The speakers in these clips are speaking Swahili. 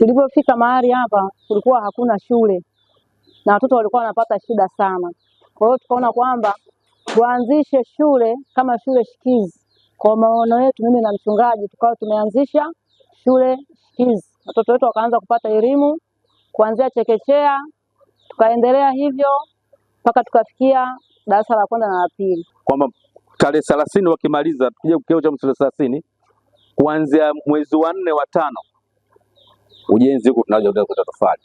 Tulipofika mahali hapa, kulikuwa hakuna shule na watoto walikuwa wanapata shida sana. Kwa hiyo tukaona kwamba tuanzishe shule kama shule shikizi. Kwa maono yetu, mimi na mchungaji tukawa tumeanzisha shule shikizi, watoto wetu wakaanza kupata elimu kuanzia chekechea, tukaendelea hivyo mpaka tukafikia darasa la kwanza na la pili, kwamba tarehe thelathini wakimaliza tukija kikao cha tarehe thelathini kuanzia mwezi wa nne wa tano ujenzi huku tunaojiongeza kwa tofali.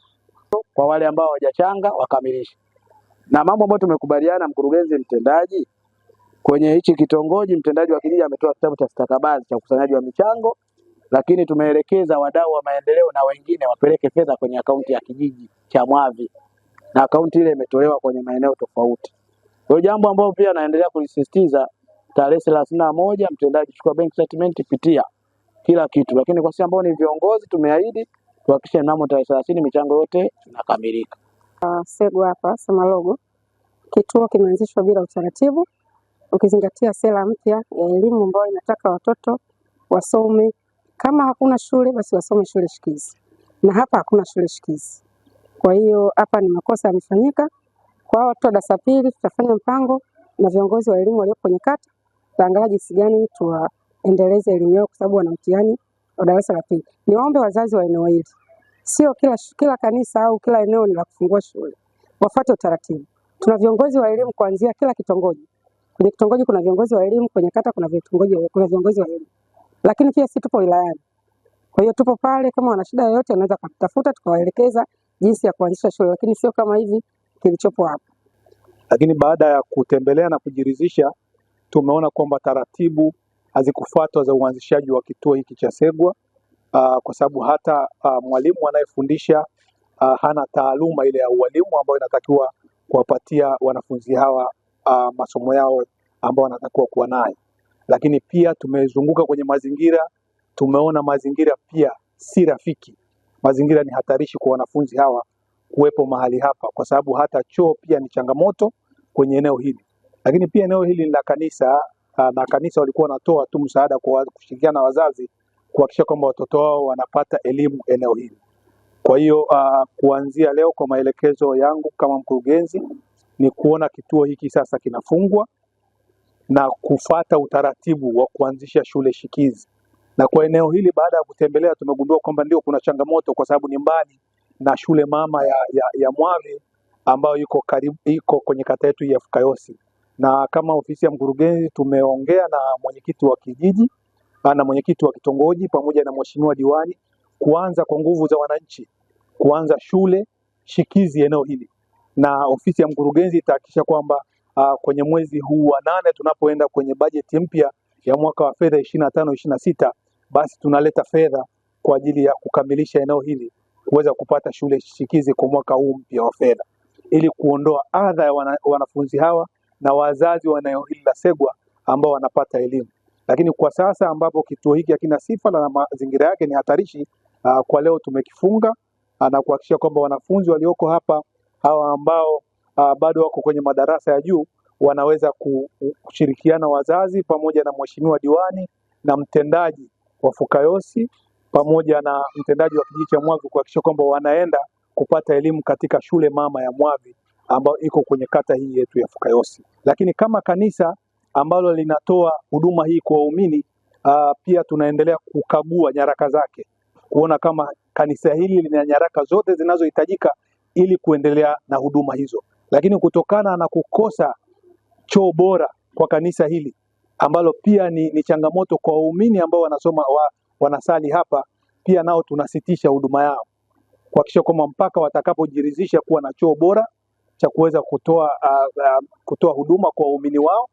Kwa wale ambao hawajachanga wakamilishe. Na mambo ambayo tumekubaliana, mkurugenzi mtendaji kwenye hichi kitongoji, mtendaji wa kijiji ametoa kitabu cha stakabadhi cha ukusanyaji wa michango, lakini tumeelekeza wadau wa maendeleo na wengine wapeleke fedha kwenye akaunti ya kijiji cha Mwavi, na akaunti ile imetolewa kwenye maeneo tofauti. Kwa jambo ambalo pia naendelea kulisisitiza, tarehe thelathini na moja mtendaji, chukua bank statement, pitia kila kitu, lakini kwa sisi ambao ni viongozi tumeahidi tuhakikishe mnamo tarehe thelathini michango yote inakamilika. Uh, ah, Segwa hapa Samalogo, kituo kimeanzishwa bila utaratibu ukizingatia sera mpya ya elimu ambayo inataka watoto wasome, kama hakuna shule basi wasome shule shikizi, na hapa hakuna shule shikizi. Kwa hiyo hapa ni makosa yamefanyika. Kwa watoto wa darasa pili, tutafanya mpango na viongozi wa elimu walio kwenye kata, tutaangalia jinsi gani tuwaendeleze elimu yao, kwa sababu wana mtihani wa darasa la pili. Niwaombe wazazi wa eneo hili, sio kila, kila kanisa au kila eneo ni la kufungua shule, wafuate utaratibu. Tuna viongozi wa elimu kuanzia kila kitongoji. Kwenye kitongoji kuna viongozi wa elimu, kwenye kata kuna vitongoji, kuna viongozi wa elimu, lakini pia si tupo wilayani. Kwa hiyo tupo pale, kama wana shida yoyote wanaweza kutafuta, tukawaelekeza jinsi ya kuanzisha shule, lakini sio kama hivi kilichopo hapa. Lakini baada ya kutembelea na kujiridhisha, tumeona kwamba taratibu hazikufuatwa za uanzishaji wa kituo hiki cha SEGWA uh, kwa sababu hata uh, mwalimu anayefundisha uh, hana taaluma ile ya ualimu ambayo inatakiwa kuwapatia wanafunzi hawa uh, masomo yao ambao wanatakiwa kuwa nayo. Lakini pia tumezunguka kwenye mazingira, tumeona mazingira pia si rafiki, mazingira ni hatarishi kwa wanafunzi hawa kuwepo mahali hapa, kwa sababu hata choo pia ni changamoto kwenye eneo hili, lakini pia eneo hili ni la kanisa Ah, na kanisa walikuwa wanatoa tu msaada kwa kushirikiana na wazazi kuhakikisha kwamba watoto wao wanapata elimu eneo hili. Kwa hiyo uh, kuanzia leo kwa maelekezo yangu kama mkurugenzi ni kuona kituo hiki sasa kinafungwa na kufata utaratibu wa kuanzisha shule shikizi. Na kwa eneo hili baada ya kutembelea, tumegundua kwamba ndio kuna changamoto kwa sababu ni mbali na shule mama ya, ya, ya Mwavi ambayo iko karibu, iko kwenye kata yetu ya Fukayosi na kama ofisi ya mkurugenzi tumeongea na mwenyekiti wa kijiji na mwenyekiti wa kitongoji pamoja na mheshimiwa diwani kuanza kwa nguvu za wananchi kuanza shule shikizi eneo hili, na ofisi ya mkurugenzi itahakikisha kwamba uh, kwenye mwezi huu wa nane tunapoenda kwenye bajeti mpya ya mwaka wa fedha ishirini na tano ishirini na sita basi tunaleta fedha kwa ajili ya kukamilisha eneo hili kuweza kupata shule shikizi kwa mwaka huu mpya wa fedha ili kuondoa adha ya wana, wanafunzi hawa na wazazi wa eneo hili la Segwa ambao wanapata elimu. Lakini kwa sasa ambapo kituo hiki hakina sifa na mazingira yake ni hatarishi, uh, kwa leo tumekifunga ah, na kuhakikisha kwamba wanafunzi walioko hapa hawa ambao uh, bado wako kwenye madarasa ya juu wanaweza kushirikiana wazazi pamoja na mheshimiwa diwani na mtendaji wa Fukayosi pamoja na mtendaji wa kijiji cha Mwavi kuhakikisha kwamba wanaenda kupata elimu katika shule mama ya Mwavi ambayo iko kwenye kata hii yetu ya Fukayosi. Lakini kama kanisa ambalo linatoa huduma hii kwa waumini ah, pia tunaendelea kukagua nyaraka zake kuona kama kanisa hili lina nyaraka zote zinazohitajika ili kuendelea na huduma hizo. Lakini kutokana na kukosa choo bora kwa kanisa hili ambalo pia ni, ni changamoto kwa waumini ambao wanasoma wa, wanasali hapa, pia nao tunasitisha huduma yao kuhakikisha kwamba mpaka watakapojiridhisha kuwa na choo bora cha kuweza kutoa, uh, uh, kutoa huduma kwa waumini wao